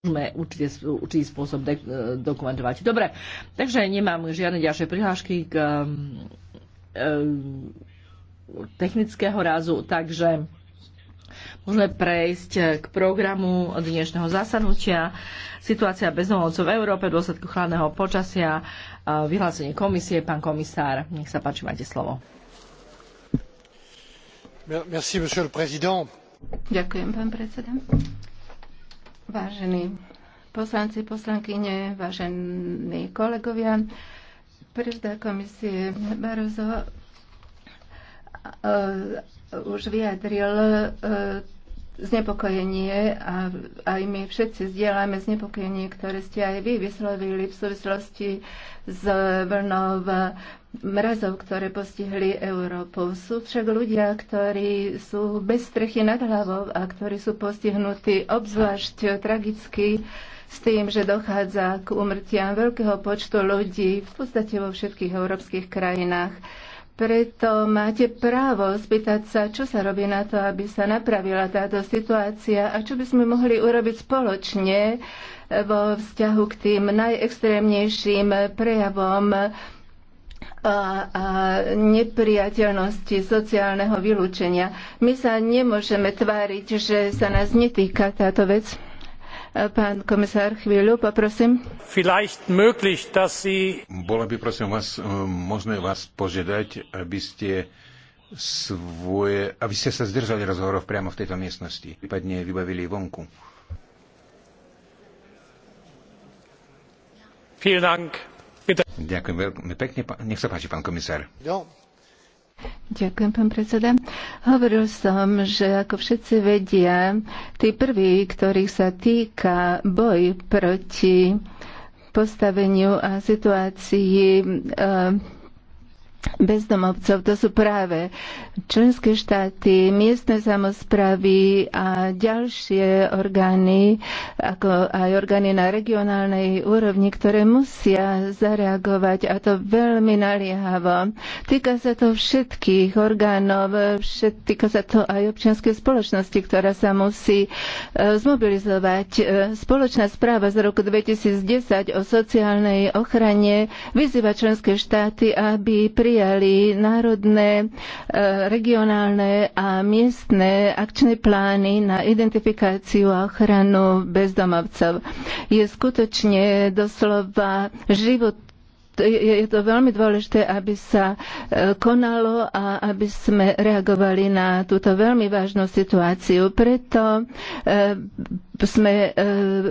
môžeme určite, určitý spôsob de- e, dokumentovať. Dobre, takže nemám žiadne ďalšie prihlášky k um, um, technického razu, takže môžeme prejsť k programu dnešného zasadnutia. Situácia bezdomovcov v Európe v dôsledku chladného počasia, vyhlásenie komisie, pán komisár, nech sa páči, máte slovo. Merci, monsieur le président. Ďakujem, pán predseda. Vážení poslanci, poslankyne, vážení kolegovia, predseda komisie Barozo e, už vyjadril e, znepokojenie a aj my všetci zdieľame znepokojenie, ktoré ste aj vy vyslovili v súvislosti s vlnou mrazov, ktoré postihli Európu. Sú však ľudia, ktorí sú bez strechy nad hlavou a ktorí sú postihnutí obzvlášť tragicky s tým, že dochádza k umrtiam veľkého počtu ľudí v podstate vo všetkých európskych krajinách. Preto máte právo spýtať sa, čo sa robí na to, aby sa napravila táto situácia a čo by sme mohli urobiť spoločne vo vzťahu k tým najextrémnejším prejavom a, a nepriateľnosti sociálneho vylúčenia. My sa nemôžeme tváriť, že sa nás netýka táto vec. Pán komisár, chvíľu, poprosím. Vielleicht möglich, dass Sie... Bolo by, prosím vás, e, možné vás požiadať, aby ste svoje, aby ste sa zdržali rozhovorov priamo v tejto miestnosti, prípadne vybavili vonku. Vielen Dank. Ďakujem veľmi pekne. Nech sa páči, pán komisár. No. Ďakujem, pán predseda. Hovoril som, že ako všetci vedia, tí prví, ktorých sa týka boj proti postaveniu a situácii e, bezdomovcov. To sú práve členské štáty, miestne samozprávy a ďalšie orgány, ako aj orgány na regionálnej úrovni, ktoré musia zareagovať a to veľmi naliehavo. Týka sa to všetkých orgánov, všet, týka sa to aj občianskej spoločnosti, ktorá sa musí e, zmobilizovať. E, spoločná správa z roku 2010 o sociálnej ochrane vyzýva členské štáty, aby pri prijali národné, e, regionálne a miestne akčné plány na identifikáciu a ochranu bezdomovcov. Je skutočne doslova život je to veľmi dôležité, aby sa e, konalo a aby sme reagovali na túto veľmi vážnu situáciu. Preto e, sme e,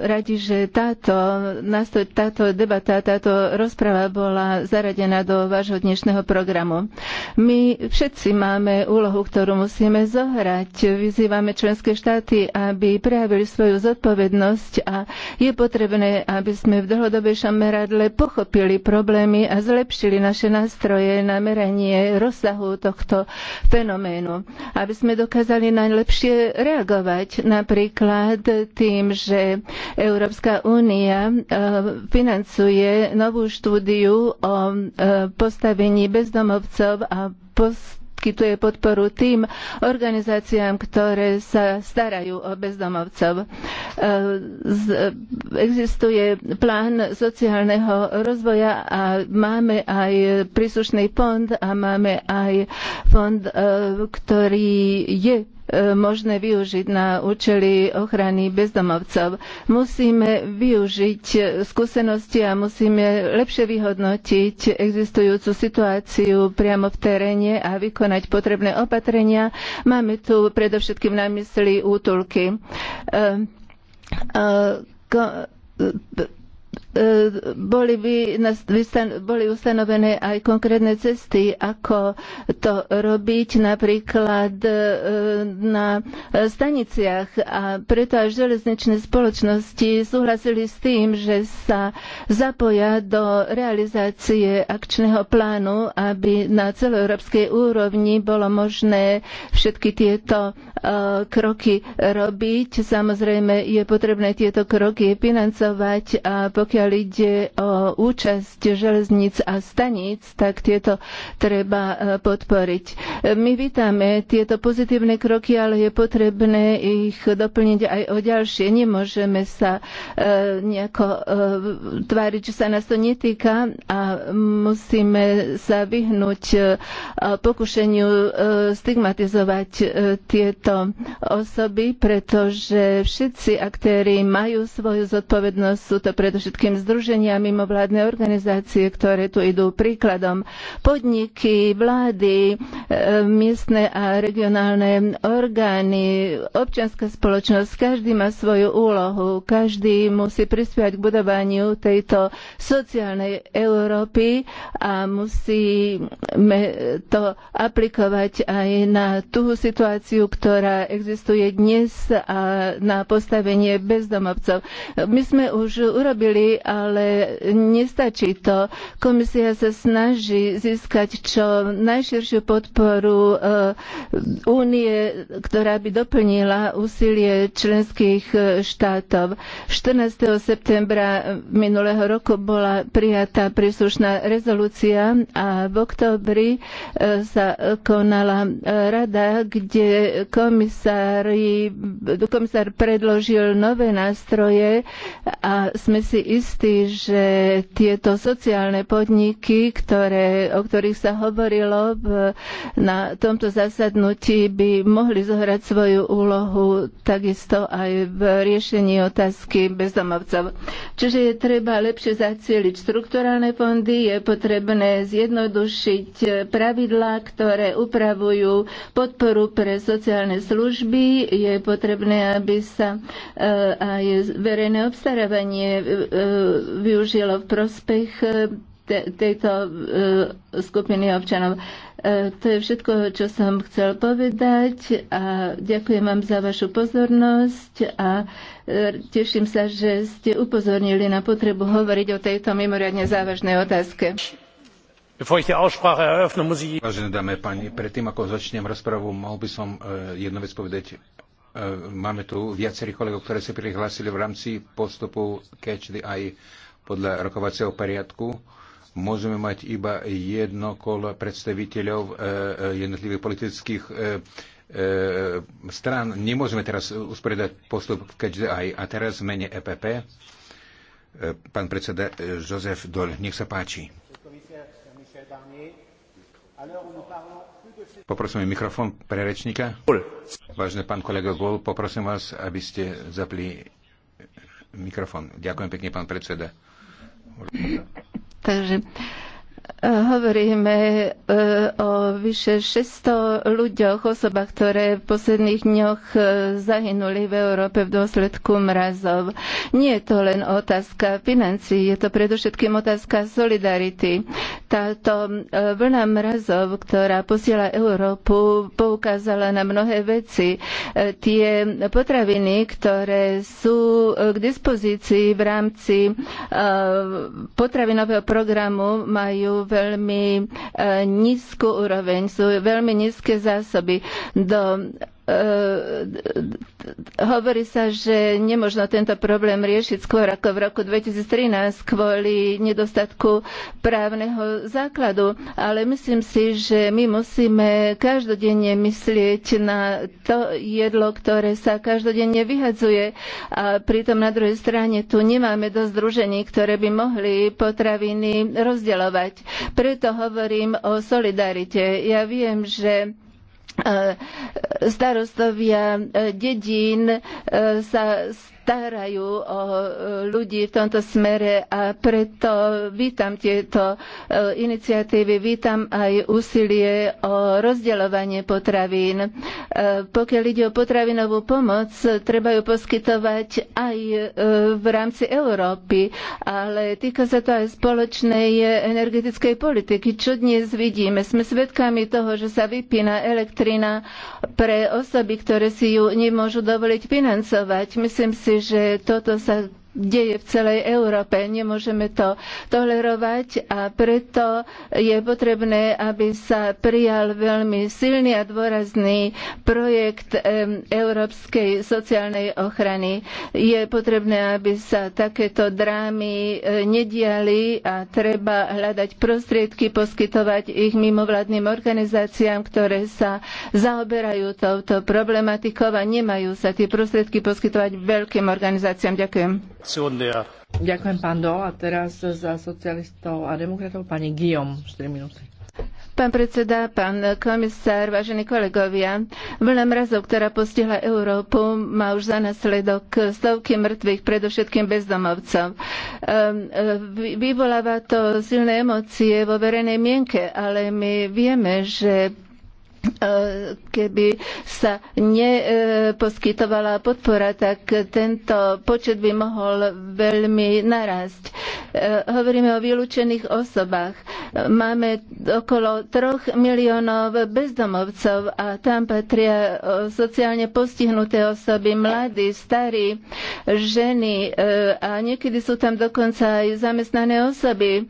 radi, že táto, táto debata, táto rozprava bola zaradená do vášho dnešného programu. My všetci máme úlohu, ktorú musíme zohrať. Vyzývame členské štáty, aby prejavili svoju zodpovednosť a je potrebné, aby sme v dlhodobejšom meradle pochopili problémy a zlepšili naše nástroje na meranie rozsahu tohto fenoménu, aby sme dokázali najlepšie reagovať. Napríklad tým, že Európska únia e, financuje novú štúdiu o e, postavení bezdomovcov a post poskytuje podporu tým organizáciám, ktoré sa starajú o bezdomovcov. E, existuje plán sociálneho rozvoja a máme aj príslušný fond a máme aj fond, ktorý je možné využiť na účely ochrany bezdomovcov. Musíme využiť skúsenosti a musíme lepšie vyhodnotiť existujúcu situáciu priamo v teréne a vykonať potrebné opatrenia. Máme tu predovšetkým na mysli útulky. Ehm, e, ko E, boli, by, boli ustanovené aj konkrétne cesty, ako to robiť napríklad e, na staniciach. A preto aj železničné spoločnosti súhlasili s tým, že sa zapoja do realizácie akčného plánu, aby na celoeurópskej úrovni bolo možné všetky tieto e, kroky robiť. Samozrejme je potrebné tieto kroky financovať a pokiaľ pokiaľ ide o účasť železníc a staníc, tak tieto treba e, podporiť. E, my vítame tieto pozitívne kroky, ale je potrebné ich doplniť aj o ďalšie. Nemôžeme sa e, nejako tváriť, že sa nás to netýka a musíme sa vyhnúť pokušeniu stigmatizovať tieto osoby, pretože všetci aktéry majú svoju zodpovednosť, sú to predovšetkým predovšetkým združenia mimovládne organizácie, ktoré tu idú príkladom. Podniky, vlády, e, miestne a regionálne orgány, občianská spoločnosť, každý má svoju úlohu, každý musí prispievať k budovaniu tejto sociálnej Európy a musíme to aplikovať aj na tú situáciu, ktorá existuje dnes a na postavenie bezdomovcov. My sme už urobili ale nestačí to. Komisia sa snaží získať čo najširšiu podporu eh, únie, ktorá by doplnila úsilie členských eh, štátov. 14. septembra minulého roku bola prijatá príslušná rezolúcia a v oktobri eh, sa konala rada, kde komisári, komisár predložil nové nástroje a sme si istí, istý, že tieto sociálne podniky, ktoré, o ktorých sa hovorilo v, na tomto zasadnutí, by mohli zohrať svoju úlohu takisto aj v riešení otázky bezdomovcov. Čiže je treba lepšie zacieliť štrukturálne fondy, je potrebné zjednodušiť pravidlá, ktoré upravujú podporu pre sociálne služby, je potrebné, aby sa e, aj verejné obstarávanie e, využilo v prospech e, tejto e, skupiny občanov. E, to je všetko, čo som chcel povedať a ďakujem vám za vašu pozornosť a teším sa, že ste upozornili na potrebu hovoriť o tejto mimoriadne závažnej otázke. Vážené dámy a páni, predtým ako začnem rozpravu, mohol by som jednu vec povedať E, máme tu viacerých kolegov, ktoré sa prihlásili v rámci postupu Catch the Eye podľa rokovacieho poriadku. Môžeme mať iba jedno kolo predstaviteľov e, e, jednotlivých politických stran. Nemôžeme teraz usporiadať postup Catch the Eye. A teraz v mene EPP. Pán predseda Jozef Dol, nech sa páči. Monsieur Barnier, à l'heure où Poprosím mikrofón pre rečníka. Vážne pán kolega Gol, poprosím vás, aby ste zapli mikrofón. Ďakujem pekne, pán predseda. Takže Hovoríme e, o vyše 600 ľuďoch, osobách, ktoré v posledných dňoch e, zahynuli v Európe v dôsledku mrazov. Nie je to len otázka financií, je to predovšetkým otázka solidarity. Táto e, vlna mrazov, ktorá posiela Európu, poukázala na mnohé veci. Tie potraviny, ktoré sú k dispozícii v rámci potravinového programu, majú majú veľmi eh, nízku úroveň, sú veľmi nízke zásoby. Do E, hovorí sa, že nemožno tento problém riešiť skôr ako v roku 2013 kvôli nedostatku právneho základu. Ale myslím si, že my musíme každodenne myslieť na to jedlo, ktoré sa každodenne vyhadzuje a pritom na druhej strane tu nemáme dosť družení, ktoré by mohli potraviny rozdielovať. Preto hovorím o solidarite. Ja viem, že E, e, starostovia e, dedín sa starajú o ľudí v tomto smere a preto vítam tieto e, iniciatívy, vítam aj úsilie o rozdeľovanie potravín. E, pokiaľ ide o potravinovú pomoc, treba ju poskytovať aj e, v rámci Európy, ale týka sa to aj spoločnej energetickej politiky. Čo dnes vidíme? Sme svedkami toho, že sa vypína elektrina pre osoby, ktoré si ju nemôžu dovoliť financovať. Myslím si, že toto sa deje v celej Európe. Nemôžeme to tolerovať a preto je potrebné, aby sa prijal veľmi silný a dôrazný projekt európskej sociálnej ochrany. Je potrebné, aby sa takéto drámy e, nediali a treba hľadať prostriedky, poskytovať ich mimovládnym organizáciám, ktoré sa zaoberajú touto problematikou a nemajú sa tie prostriedky poskytovať veľkým organizáciám. Ďakujem. Ďakujem, pán A teraz za socialistov a demokratov pani Guillaume, 4 minúty. Pán predseda, pán komisár, vážení kolegovia, vlna mrazov, ktorá postihla Európu, má už za následok stovky mŕtvych, predovšetkým bezdomovcov. Ehm, vyvoláva to silné emócie vo verejnej mienke, ale my vieme, že keby sa neposkytovala podpora, tak tento počet by mohol veľmi narásť. Hovoríme o vylúčených osobách. Máme okolo troch miliónov bezdomovcov a tam patria e, sociálne postihnuté osoby, mladí, starí, ženy e, a niekedy sú tam dokonca aj zamestnané osoby.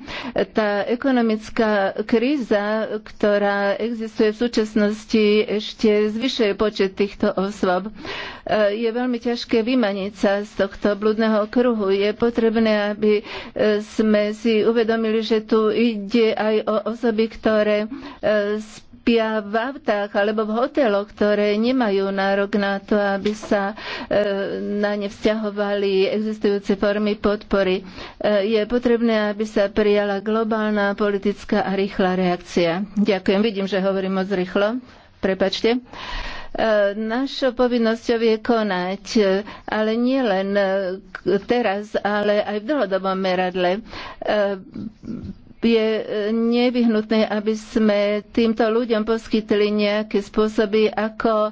Tá ekonomická kríza, ktorá existuje v súčasnosti, budúcnosti ešte zvyšuje počet týchto osôb. E, je veľmi ťažké vymaniť sa z tohto blúdneho kruhu. Je potrebné, aby e, sme si uvedomili, že tu ide aj o osoby, ktoré e, spia v autách alebo v hoteloch, ktoré nemajú nárok na to, aby sa e, na ne vzťahovali existujúce formy podpory. E, je potrebné, aby sa prijala globálna politická a rýchla reakcia. Ďakujem. Vidím, že hovorím moc rýchlo. Prepačte. E, našou povinnosťou je konať, ale nie len teraz, ale aj v dlhodobom meradle je e, nevyhnutné, aby sme týmto ľuďom poskytli nejaké spôsoby, ako e,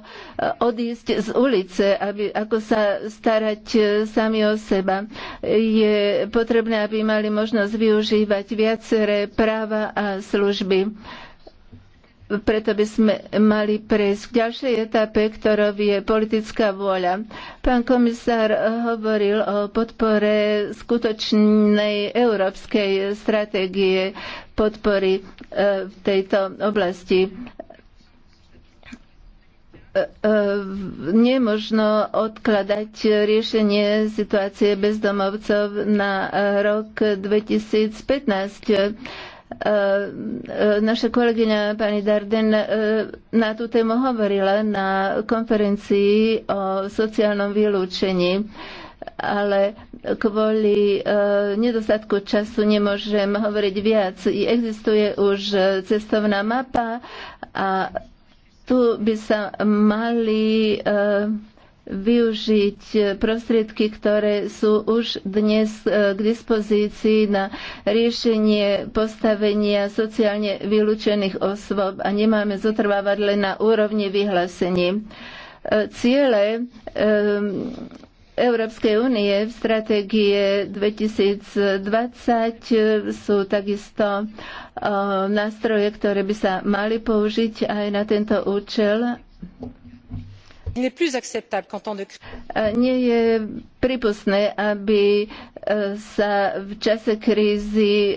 odísť z ulice, aby, ako sa starať e, sami o seba. Je potrebné, aby mali možnosť využívať viaceré práva a služby preto by sme mali prejsť k ďalšej etape, ktorou je politická vôľa. Pán komisár hovoril o podpore skutočnej európskej stratégie podpory e, v tejto oblasti e, e, nemožno odkladať riešenie situácie bezdomovcov na rok 2015 E, e, naša kolegyňa pani Darden e, na tú tému hovorila na konferencii o sociálnom vylúčení ale kvôli nedostatku času nemôžem hovoriť viac. Existuje už cestovná mapa a tu by sa mali využiť prostriedky, ktoré sú už dnes e, k dispozícii na riešenie postavenia sociálne vylúčených osôb a nemáme zotrvávať len na úrovni vyhlásení. E, ciele e, Európskej únie v stratégie 2020 sú takisto nástroje, ktoré by sa mali použiť aj na tento účel E, nie je prípustné, aby e, sa v čase krízy e,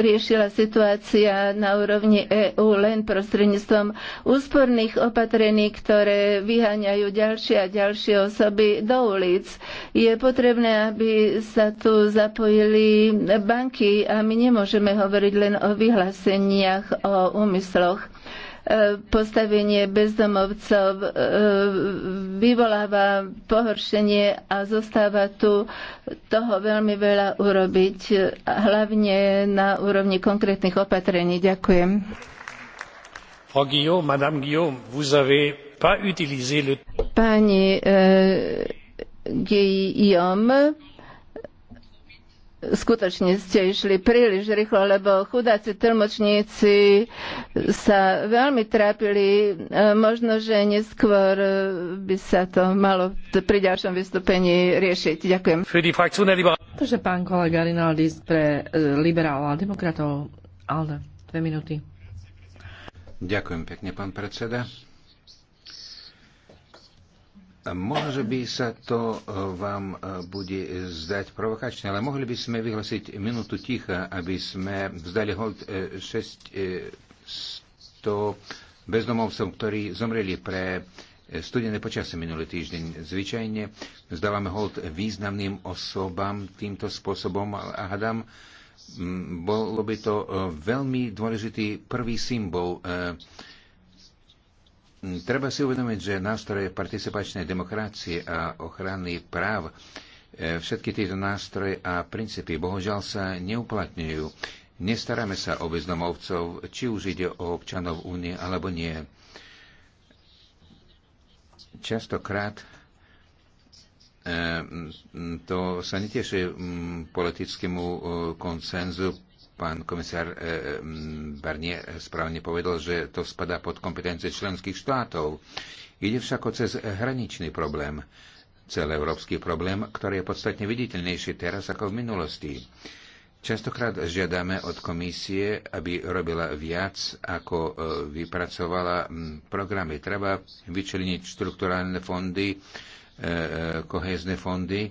riešila situácia na úrovni EÚ len prostredníctvom úsporných opatrení, ktoré vyháňajú ďalšie a ďalšie osoby do ulic. Je potrebné, aby sa tu zapojili banky a my nemôžeme hovoriť len o vyhláseniach, o úmysloch postavenie bezdomovcov e, vyvoláva pohoršenie a zostáva tu toho veľmi veľa urobiť, hlavne na úrovni konkrétnych opatrení. Ďakujem. Pani e, Guillaume, skutočne ste išli príliš rýchlo, lebo chudáci tlmočníci sa veľmi trápili. E, možno, že neskôr e, by sa to malo pri ďalšom vystúpení riešiť. Ďakujem. Takže pán kolega Rinaldi pre e, liberálov a demokratov. Alde, dve minúty. Ďakujem pekne, pán predseda. Možno, že by sa to e, vám e, bude zdať provokačné, ale mohli by sme vyhlasiť minútu ticha, aby sme vzdali hold 600 e, bezdomovcom, ktorí zomreli pre studené počasie minulý týždeň. Zvyčajne vzdávame hold významným osobám týmto spôsobom a hadám, bolo by to veľmi dôležitý prvý symbol Mm, treba si uvedomiť, že nástroje participačnej demokracie a ochrany práv, e, všetky tieto nástroje a princípy bohužiaľ sa neuplatňujú. Nestaráme sa o bezdomovcov, či už ide o občanov únie alebo nie. Častokrát e, to sa neteší politickému e, koncenzu pán komisár eh, eh, Barnier správne povedal, že to spadá pod kompetencie členských štátov. Ide však o cez hraničný problém, celoeurópsky problém, ktorý je podstatne viditeľnejší teraz ako v minulosti. Častokrát žiadame od komisie, aby robila viac, ako eh, vypracovala hm, programy. Treba vyčeliniť štrukturálne fondy, kohezné fondy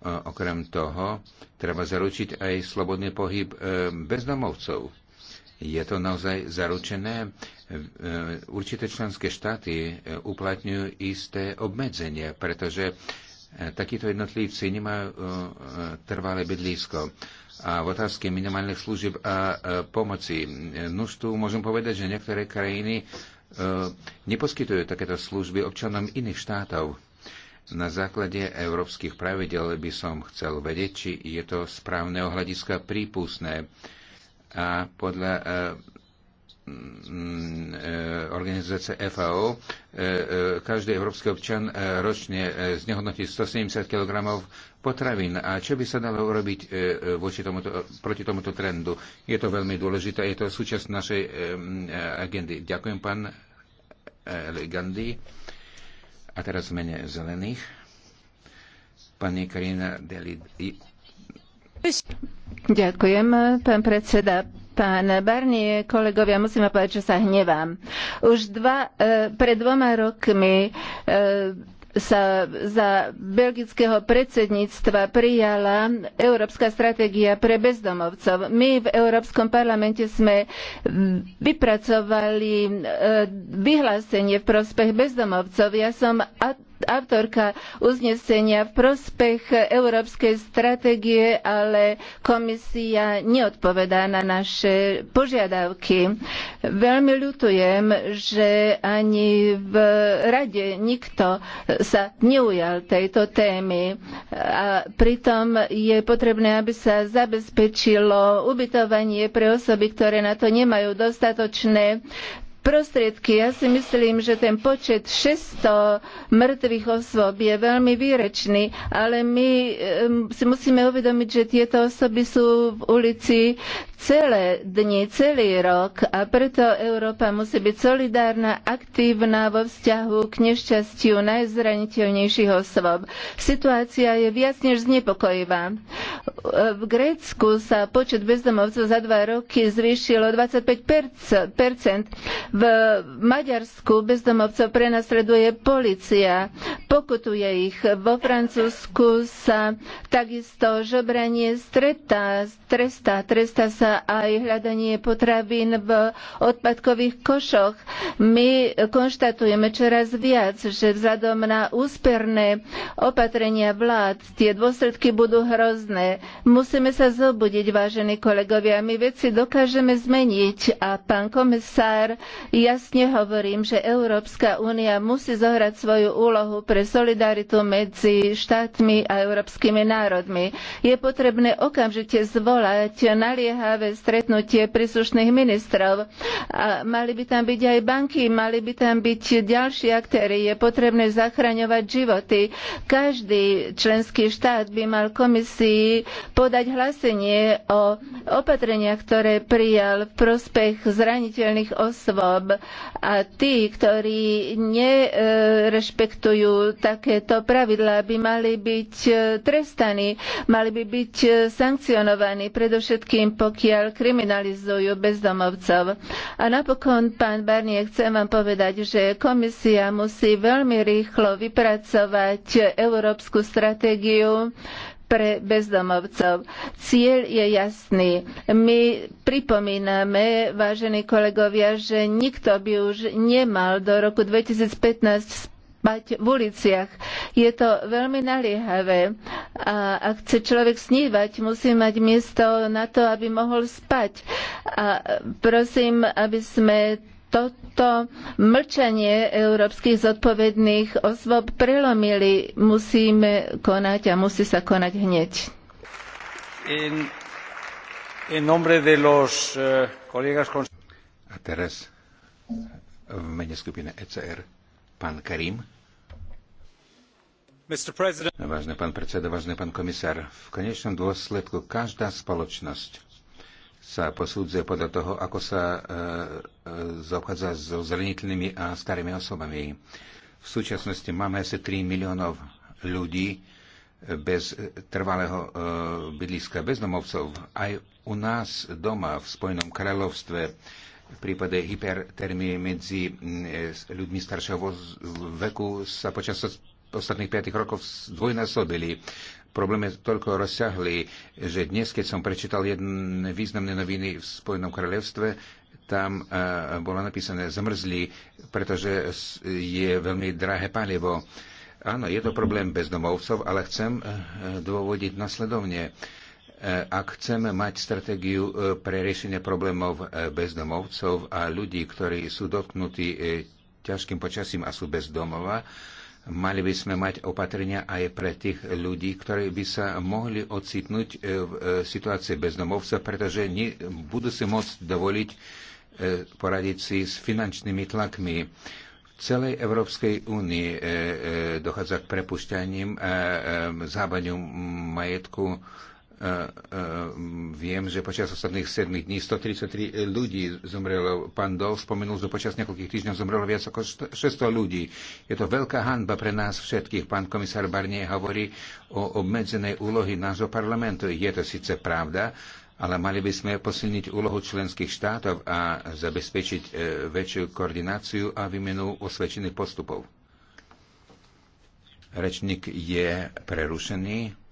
Okrem toho, treba zaručiť aj slobodný pohyb e, bezdomovcov. Je to naozaj zaručené? E, určité členské štáty e, uplatňujú isté obmedzenia, pretože takíto jednotlivci nemajú trvalé bydlisko. A v otázke minimálnych služieb a pomoci, nuž tu môžem povedať, že niektoré krajiny neposkytujú takéto služby občanom iných štátov na základe európskych pravidel by som chcel vedieť, či je to správneho hľadiska prípustné a podľa e, e, organizácie FAO, e, každý európsky občan ročne znehodnotí 170 kg potravín. A čo by sa dalo urobiť voči tomuto, proti tomuto trendu? Je to veľmi dôležité, je to súčasť našej agendy. Ďakujem, pán Gandhi. A teraz v mene zelených. Pani Karina Deli. Ďakujem, pán predseda pán Barnier, kolegovia, musím povedať, že sa hnevám. Už dva, eh, pred dvoma rokmi eh, sa za belgického predsedníctva prijala Európska stratégia pre bezdomovcov. My v Európskom parlamente sme vypracovali e, vyhlásenie v prospech bezdomovcov. Ja som autorka uznesenia v prospech európskej stratégie, ale komisia neodpovedá na naše požiadavky. Veľmi ľutujem, že ani v rade nikto sa neujal tejto témy a pritom je potrebné, aby sa zabezpečilo ubytovanie pre osoby, ktoré na to nemajú dostatočné prostriedky. Ja si myslím, že ten počet 600 mŕtvych osôb je veľmi výrečný, ale my si musíme uvedomiť, že tieto osoby sú v ulici celé dni, celý rok a preto Európa musí byť solidárna, aktívna vo vzťahu k nešťastiu najzraniteľnejších osôb. Situácia je viac než znepokojivá. V Grécku sa počet bezdomovcov za dva roky zvýšil o 25 percent. V Maďarsku bezdomovcov prenasleduje policia, pokutuje ich. Vo Francúzsku sa takisto žobranie stretá, trestá, trestá sa aj hľadanie potravín v odpadkových košoch. My konštatujeme čoraz viac, že vzhľadom na úsperné opatrenia vlád tie dôsledky budú hrozné. Musíme sa zobudiť, vážení kolegovia. My veci dokážeme zmeniť a pán komisár Jasne hovorím, že Európska únia musí zohrať svoju úlohu pre solidaritu medzi štátmi a európskymi národmi. Je potrebné okamžite zvolať naliehavé stretnutie príslušných ministrov. A mali by tam byť aj banky, mali by tam byť ďalší aktéry. Je potrebné zachraňovať životy. Každý členský štát by mal komisii podať hlásenie o opatreniach, ktoré prijal v prospech zraniteľných osôb osôb. A tí, ktorí nerešpektujú takéto pravidlá, by mali byť e, trestaní, mali by byť e, sankcionovaní, predovšetkým pokiaľ kriminalizujú bezdomovcov. A napokon, pán Barnier, chcem vám povedať, že komisia musí veľmi rýchlo vypracovať európsku stratégiu pre bezdomovcov. Cieľ je jasný. My pripomíname, vážení kolegovia, že nikto by už nemal do roku 2015 spať v uliciach. Je to veľmi naliehavé a ak chce človek snívať, musí mať miesto na to, aby mohol spať. A prosím, aby sme toto mlčanie európskych zodpovedných osôb prelomili. Musíme konať a musí sa konať hneď. Eh, a teraz v mene skupiny ECR pán Karim. Vážne pán predseda, vážne pán komisár, v konečnom dôsledku každá spoločnosť sa posudzuje podľa toho, ako sa e, e, zaobchádza so zraniteľnými a starými osobami. V súčasnosti máme asi 3 miliónov ľudí bez trvalého e, bydliska, bez domovcov. Aj u nás doma v Spojenom kráľovstve v prípade hypertermie medzi e, ľuďmi staršieho veku sa počas ostatných 5 rokov zdvojnásobili problém je toľko rozsiahlý, že dnes, keď som prečítal jedné významné noviny v Spojenom kráľovstve, tam e, bolo napísané zmrzli, pretože je veľmi drahé palivo. Áno, je to problém bezdomovcov, ale chcem e, dôvodiť nasledovne. E, ak chceme mať stratégiu pre riešenie problémov bezdomovcov a ľudí, ktorí sú dotknutí ťažkým počasím a sú bez domova, Mali by sme mať opatrenia aj pre tých ľudí, ktorí by sa mohli ocitnúť e, v e, situácii bezdomovca, pretože nie, budú si môcť dovoliť e, poradiť si s finančnými tlakmi V celej Európskej únii dochádza k prepušťaním, zábaniu majetku viem, že počas ostatných 7 dní 133 ľudí zomrelo. Pán Dol spomenul, že počas niekoľkých týždňov zomrelo viac ako 600 ľudí. Je to veľká hanba pre nás všetkých. Pán komisár Barnier hovorí o obmedzenej úlohy nášho parlamentu. Je to síce pravda, ale mali by sme posilniť úlohu členských štátov a zabezpečiť e, väčšiu koordináciu a výmenu osvedčených postupov. Rečník je prerušený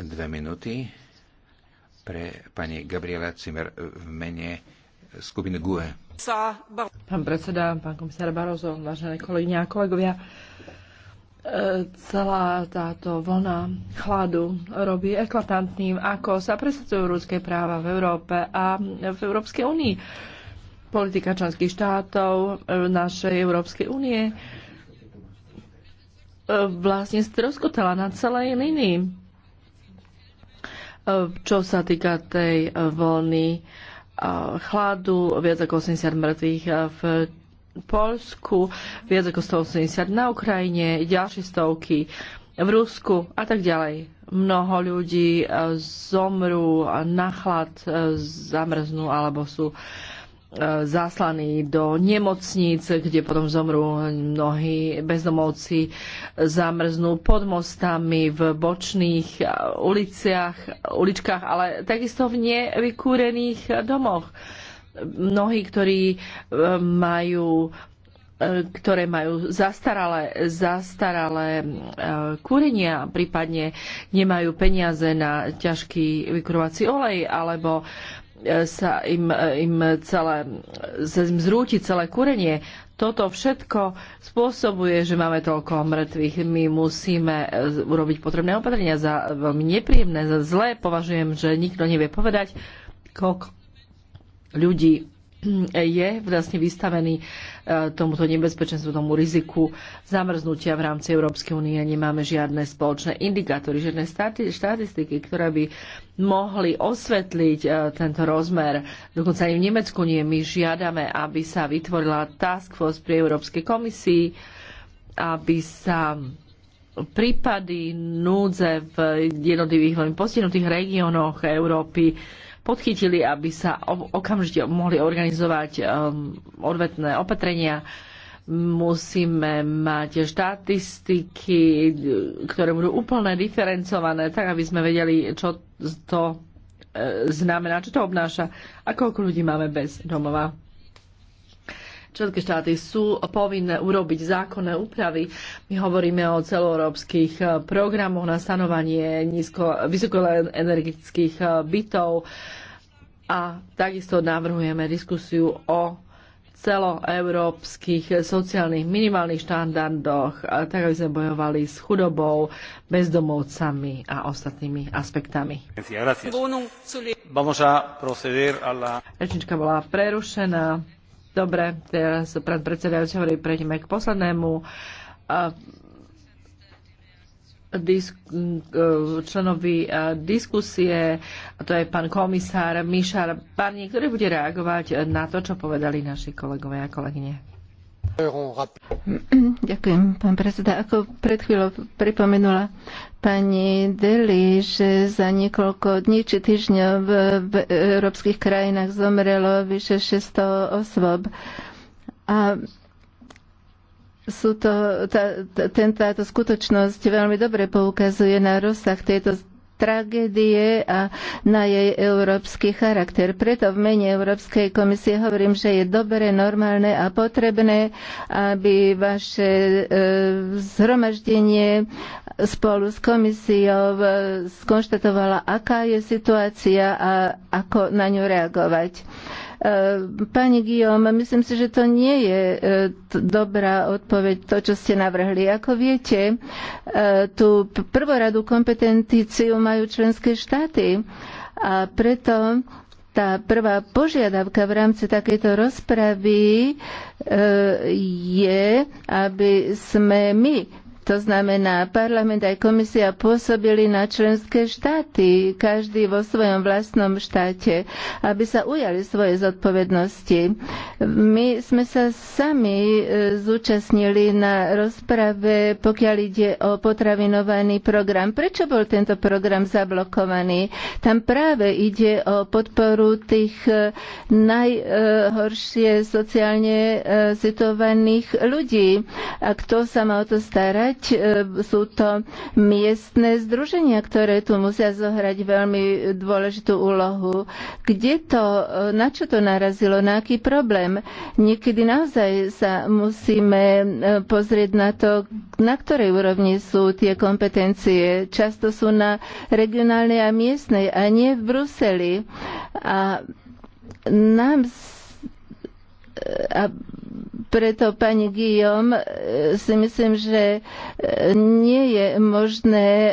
dve minúty pre pani Gabriela Cimer v mene skupiny GUE. Pán predseda, pán komisár Barozo, vážené kolegyne a kolegovia, e, celá táto vlna chladu robí eklatantným, ako sa presadzujú ľudské práva v Európe a v Európskej únii. Politika členských štátov, e, našej Európskej únie e, vlastne stroskotala na celej linii Ehm, čo sa týka tej eh, vlny eh, chladu, viac ako 80 mŕtvych eh, v Polsku, viac ako 180 na Ukrajine, ďalšie stovky v Rusku a tak ďalej. Mnoho ľudí zomrú na chlad, zamrznú alebo sú E, zaslaní do nemocníc, kde potom zomrú mnohí bezdomovci, zamrznú pod mostami, v bočných e, uliciach, uličkách, ale takisto v nevykúrených domoch. Mnohí, ktorí e, majú ktoré majú zastaralé, zastaralé kúrenia, prípadne nemajú peniaze na ťažký vykurovací olej, alebo sa im, im celé, im zrúti celé kúrenie. Toto všetko spôsobuje, že máme toľko mŕtvych. My musíme e, urobiť potrebné opatrenia za veľmi nepríjemné, za zlé. Považujem, že nikto nevie povedať, koľko ľudí je vlastne vystavený E, tomuto nebezpečenstvu, tomu riziku zamrznutia v rámci Európskej únie. Nemáme žiadne spoločné indikátory, žiadne štatistiky, ktoré by mohli osvetliť e, tento rozmer. Dokonca ani v Nemecku nie. My žiadame, aby sa vytvorila task force pri Európskej komisii, aby sa prípady núdze v jednotlivých veľmi postihnutých regiónoch Európy podchytili, aby sa okamžite mohli organizovať um, odvetné opatrenia. Musíme mať štatistiky, ktoré budú úplne diferencované, tak aby sme vedeli, čo to e, znamená, čo to obnáša a koľko ľudí máme bez domova. Členské štáty sú povinné urobiť zákonné úpravy. My hovoríme o celoeurópskych eh, programoch na stanovanie nízko, vysokoenergetických eh, bytov a takisto navrhujeme diskusiu o celoeurópskych sociálnych minimálnych štandardoch, eh, tak aby sme bojovali s chudobou, bezdomovcami a ostatnými aspektami. Rečnička bola prerušená. Dobre, teraz pán predsedajúci hovorí, prejdeme k poslednému členovi diskusie, a to je pán komisár Mišar Barník, ktorý bude reagovať na to, čo povedali naši kolegovia a kolegyne. Ďakujem, pán predseda. Ako pred chvíľou pripomenula pani Deli, že za niekoľko dní či týždňov v európskych krajinách zomrelo vyše 600 osôb. A sú to, tá, tá, táto skutočnosť veľmi dobre poukazuje na rozsah tejto tragédie a na jej európsky charakter. Preto v mene Európskej komisie hovorím, že je dobre, normálne a potrebné, aby vaše e, zhromaždenie spolu s komisiou e, skonštatovala, aká je situácia a ako na ňu reagovať. E, pani Guillaume, myslím si, že to nie je e, dobrá odpoveď, to, čo ste navrhli. Ako viete, e, tú prvoradú kompetenciu majú členské štáty a preto tá prvá požiadavka v rámci takejto rozpravy je, aby sme my to znamená, parlament aj komisia pôsobili na členské štáty, každý vo svojom vlastnom štáte, aby sa ujali svoje zodpovednosti. My sme sa sami e, zúčastnili na rozprave, pokiaľ ide o potravinovaný program. Prečo bol tento program zablokovaný? Tam práve ide o podporu tých e, najhoršie sociálne e, situovaných ľudí. A kto sa má o to starať? E, sú to miestne združenia, ktoré tu musia zohrať veľmi dôležitú úlohu. Kde to, e, na čo to narazilo, na aký problém? Niekedy naozaj sa musíme e, pozrieť na to, na ktorej úrovni sú tie kompetencie. Často sú na regionálnej a miestnej a nie v Bruseli. A nám a preto, pani Guillaume, e, si myslím, že e, nie je možné e,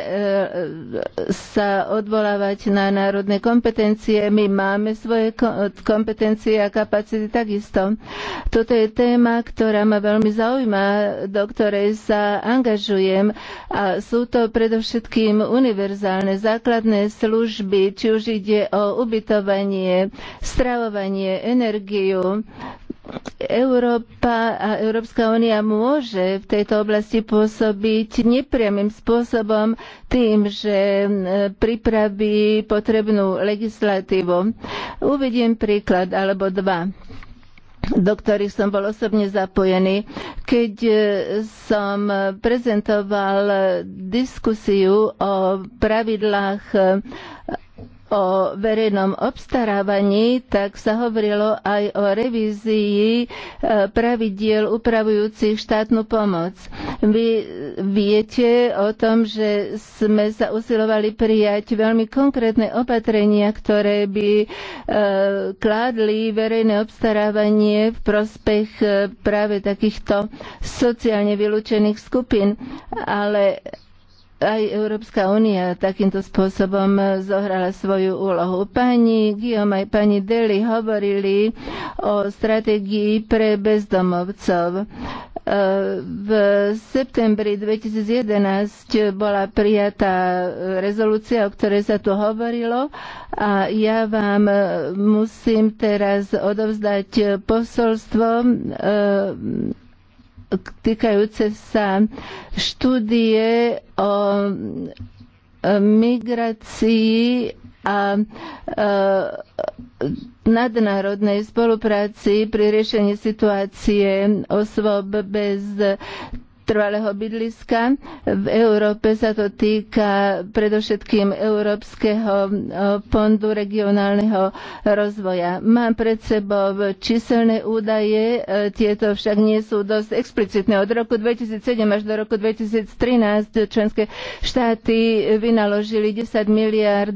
sa odvolávať na národné kompetencie. My máme svoje kompetencie a kapacity takisto. Toto je téma, ktorá ma veľmi zaujíma, do ktorej sa angažujem a sú to predovšetkým univerzálne základné služby, či už ide o ubytovanie, stravovanie, energiu, Európa a Európska únia môže v tejto oblasti pôsobiť nepriamým spôsobom tým, že e, pripraví potrebnú legislatívu. Uvediem príklad alebo dva do ktorých som bol osobne zapojený. Keď e, som prezentoval diskusiu o pravidlách e, o verejnom obstarávaní, tak sa hovorilo aj o revízii e, pravidiel upravujúcich štátnu pomoc. Vy viete o tom, že sme sa usilovali prijať veľmi konkrétne opatrenia, ktoré by e, kládli verejné obstarávanie v prospech e, práve takýchto sociálne vylúčených skupín. Ale aj Európska únia takýmto spôsobom zohrala svoju úlohu. Pani Guillaume aj pani Deli hovorili o stratégii pre bezdomovcov. E, v septembri 2011 bola prijatá rezolúcia, o ktorej sa tu hovorilo a ja vám musím teraz odovzdať posolstvo e, týkajúce sa štúdie o migrácii a nadnárodnej spolupráci pri riešení situácie osôb bez trvalého bydliska. V Európe sa to týka predovšetkým Európskeho e, fondu regionálneho rozvoja. Mám pred sebou číselné údaje, e, tieto však nie sú dosť explicitné. Od roku 2007 až do roku 2013 členské štáty vynaložili 10 miliard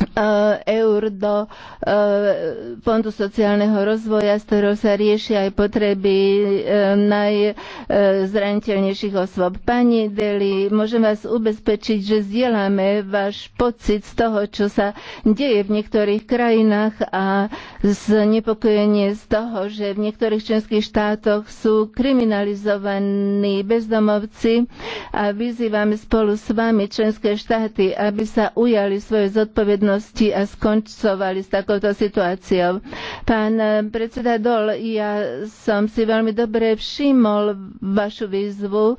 E, eur do e, Fondu sociálneho rozvoja, z ktorého sa riešia aj potreby e, najzraniteľnejších osôb. Pani Deli, môžem vás ubezpečiť, že zdieľame váš pocit z toho, čo sa deje v niektorých krajinách a znepokojenie z toho, že v niektorých členských štátoch sú kriminalizovaní bezdomovci a vyzývame spolu s vami členské štáty, aby sa ujali svoje zodpovednosti a skoncovali s takouto situáciou. Pán eh, predseda Dol, ja som si veľmi dobre všimol vašu výzvu eh,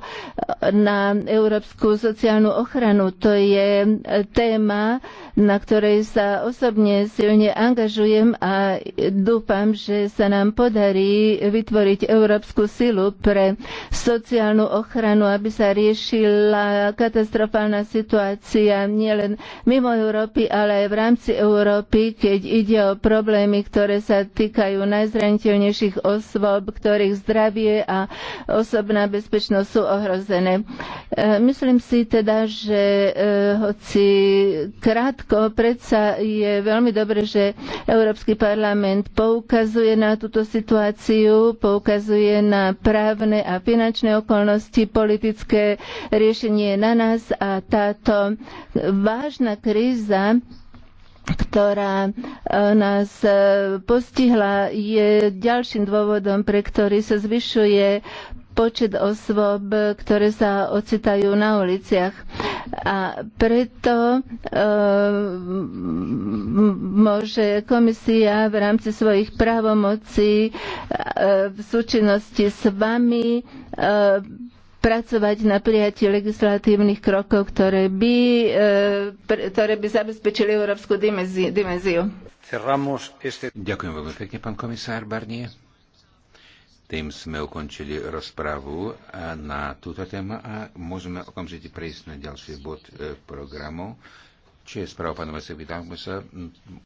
na európsku sociálnu ochranu. To je eh, téma, na ktorej sa osobne silne angažujem a dúfam, že sa nám podarí vytvoriť európsku silu pre sociálnu ochranu, aby sa riešila katastrofálna situácia nielen mimo Európy, ale aj v rámci Európy, keď ide o problémy, ktoré sa týkajú najzraniteľnejších osôb, ktorých zdravie a osobná bezpečnosť sú ohrozené. E, myslím si teda, že e, hoci krátko, predsa je veľmi dobre, že Európsky parlament parlament poukazuje na túto situáciu, poukazuje na právne a finančné okolnosti, politické riešenie na nás a táto vážna kríza ktorá e, nás e, postihla, je ďalším dôvodom, pre ktorý sa zvyšuje počet osôb, ktoré sa ocitajú na uliciach. A preto e, môže komisia v rámci svojich právomocí e, v súčinnosti s vami e, pracovať na prijatí legislatívnych krokov, ktoré by, e, ktoré by zabezpečili európsku dimenziu. Ďakujem veľmi pekne, pán komisár Barnier. Tým sme ukončili rozpravu na túto tému a môžeme okamžite prejsť na ďalší bod e, programu, čo je správa pána Vasevita.